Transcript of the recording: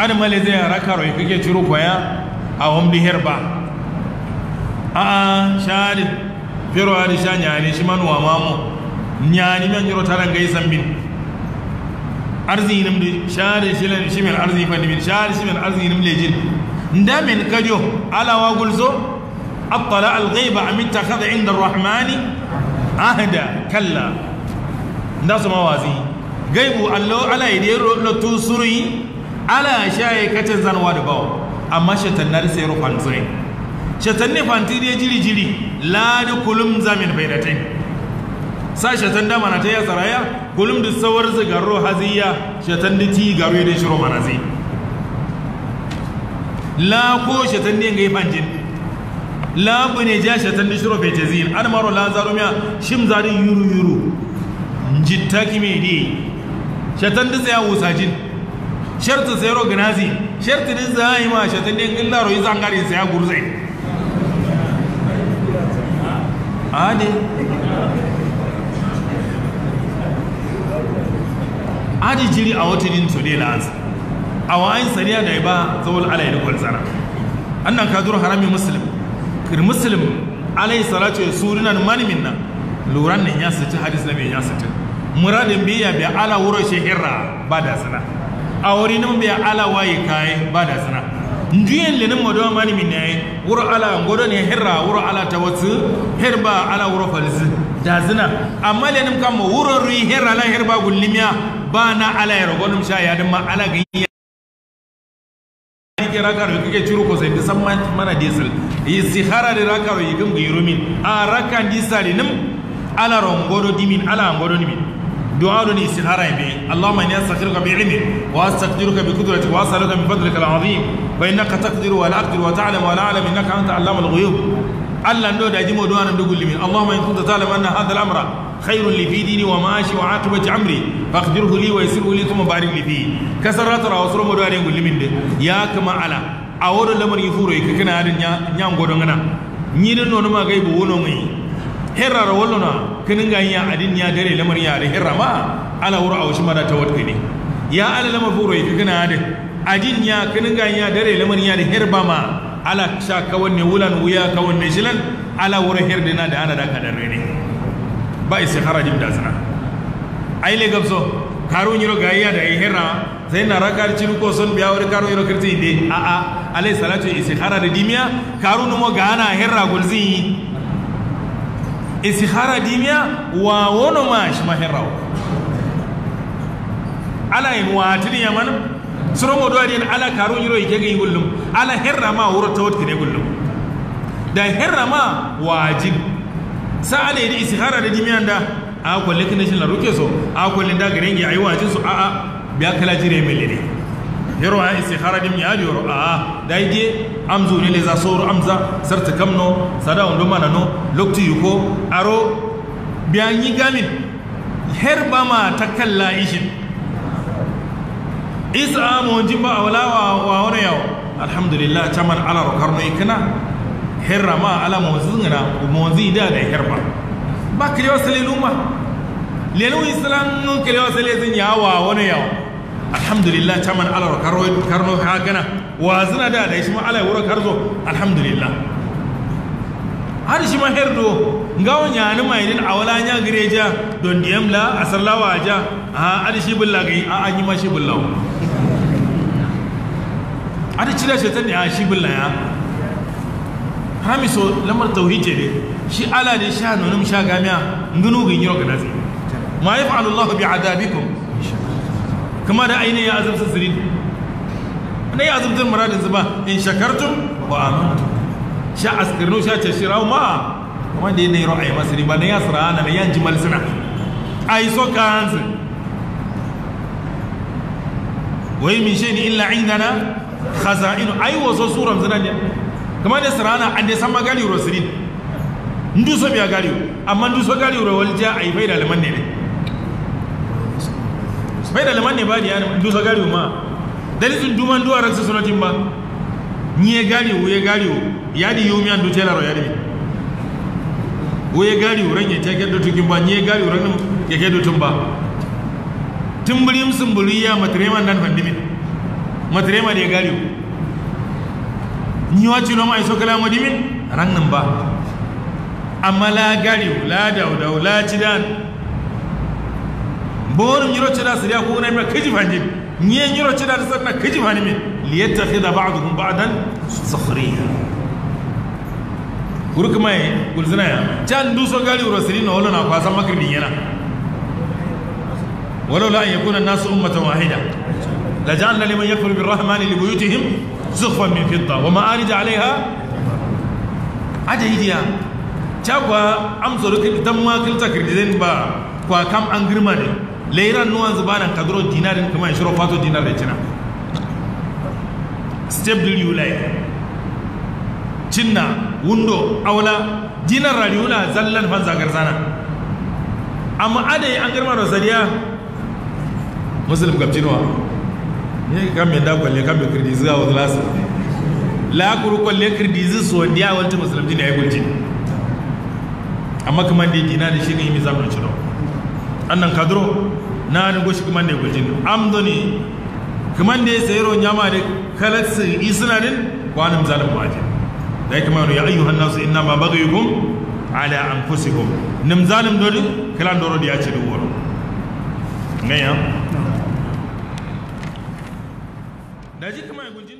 ada male zai yara karo ya kake ciro kwaya a wamdi herba a a shari fero a risha nyani shi manuwa mamu nyani man jiro taran gai zambin arzinin da shari shilan shimin arzini fandimin shari shimin arzini nimdi jin nda min kajo alawa wa gulzo attala alghaiba am kada inda rahmani ahda kalla nda su mawazi gaibu allo ala idero lo tusuri ala shaye kacin zanwa da bawa amma shatannar sai rufan zai shatanni fanti ne jiri jiri la da kulum zamin bai da ta sa shatan da mana ta ya tsaraya kulum da sawar zigarro haziya shatan da ti garo ya shiro mana zai la ko shatan ne ga yi fanjin la bu ne ja shatan da shiro bai ta an maro la zarumiya shim zarin yuru yuru jittaki mai di shatan da tsaya wusajin sharti sayro gnazi sharti din yi ma yi din illa royi zangare sai ne ade adi jiri a watanin to na la'ansa a wa'ayin sariya da ba zawal alayi da kwalzara annan kadur harami muslim kiri muslim alayi salatu ya suri da manimin nan luran nan ya sace hadis na mai ya sace muradin biya bi ala wuro shehirra ba da sana wuri nan be ala waye kai da sana nduyen le nan modon mani min ne wuro ala ngodo ne herra wuro ala tawatsu herba ala wuro falzi da zina amma le kan kam wuro ri herra la herba gullimiya na ala yaro gonum sha ya ma ala ga ke rakaro ke ciro ko sai bisan mana diesel yi sihara da rakaro yi gum rumin. a rakan disali nim ala rongodo dimin ala ngodo dimin دعاء استنارة به اللهم إني أستغفرك بعلمك وأستقدرك بقدرتك وأسألك من فضلك العظيم فإنك تقدر ولا أقدر وتعلم ولا أعلم إنك أنت علام الغيوب ألا ندعو داجمو دعانا نقول من اللهم إن كنت تعلم أن هذا الأمر خير لي في ديني ومعاشي وعاقبة أمري فاقدره لي ويسره لي ثم بارك لي فيه كسرات رأسر مدعو نقول من يا كما على أول لمر يفورو يككنا هذا نعم قدونا نيرن نونما غيب ونومي هرر ولنا ga yin adin ya dare lamar ya rihin rama ala wura wasu mara ne ya ala lamar furo yi kina adin adin ya ga ya dare lamar ya rihin rama ala sha kawan ne wulan wuya kawan ne shilan ala wura hirdina da ana da kadar ne ba isi harajin da a ai le gabso karu nyiro gayya da ihra sai na rakar ciru ko son biya wani karo yaro kirti ne a a alai salatu istikhara da dimiya karu numo ga ana herra gulzi istikhara dimiya wa wono ma shmahiraw ala in watin yaman suromo do adin ala karu yiro igege gullum ala herra ma wuro tawt kire gullum da herra ma wajib sa ala idi istikhara da dimiya da a ko lekin shi la ruke so a ko linda garengi ayi wajin su a a biya kala jire melede yaro a isi haradim ya yaro a ah, daige amzu ne le za soro amza sarta kamno sada wando manano lokti yuko aro biyan yi gamin her ba ma ta kalla ishin isa mu jin ba wala wa wani yawo alhamdulillah caman ala rokarno ikina herra ma ala mawazin na mawazin da da herba ba kiliwa salilu ma lenu islam nun kiliwa salilu ya wa wani yawo alhamdulillah chairman alaro karno wa zina da da shi ma alai wuro karzo alhamdulillah har shi ma herdo ngawon yani mai din awala nya gireja don diyam la asarla waja a ari shi bulla gai a anyi ma shi bullawo ari cire shi ta ne a shi bulla ya hamiso lamar tauhid ne shi ala ne sha nonum sha gamiya ngunu gin yiro ga nazi ma yaf'alu allah bi adabikum kama da aini ya azabta zirin na ya azabta muradin zuba in shakartum wa amantu sha askirnu sha ce shirau ma kuma da yanayi ra'ayi masu riba na ya sara na mai yan jimal suna a yi so ka hansu wai min shi ni illa indana khaza'inu ai wasu suran zinan ne kuma da sara na an da san sirin ndu nduso biya gari amma nduso gari rawal walja a yi bai da liman ne ne bai da laman ne ba da yanar dusa gari ma dalitun duman duwa raksa sunatin ba ni ya gari wo ye gari wo yadi yumi an dutse laro ya di wo ye gari wo ranye teke do dutukin ba ni ya gari wo ranin ya ke do tumba tumbulim ya matrema dan fandimin matrema ya gari wo ni waci no mai sokala modimin ran nan ba amma la gari la daudau la cidan borin yiro cira siriya ko na mai kaji fanje nye yiro cira da sanna kaji fanje me liyattakhidha ba'dhum ba'dan sakhriya kuruk mai gulzina ya can duso gari ro siri na wala na kwasan makirdin yana walau la yakuna nasu ummatan wahida لجعلنا لمن يكفر بالرحمن لبيوتهم زخفا من فضة ومعارج عليها عجيديا تشاكوا أمسوا لكي تم كل تكريدين با كوا كم أنجرماني leiran nuwan zubanan kadro dinarin kuma shiro fato dinar da cina step dil yulai cinna wundo aula dinar rariula zallan fan zagar zana amma adai an girma da zariya muslim gabcinwa ne kan mai dakon ne kan mai kirdi zuwa wasu lasu la kuru kwalle kirdi zuwa diya wancan musulmi ne ya yi gulci amma kuma da dinar shi ne yi mai zamanin cinawa annan kadro na ni goshi kuma ne gujin amdoni kuma da ya sayaro nyama da kalatsi isnadin wa anum zalim wajin dai kuma ya ayyuhan nasu ina ma baghayukum ala anfusikum nim zalim dodi kalan doro ya ce da woro ngaya daji kuma gunjin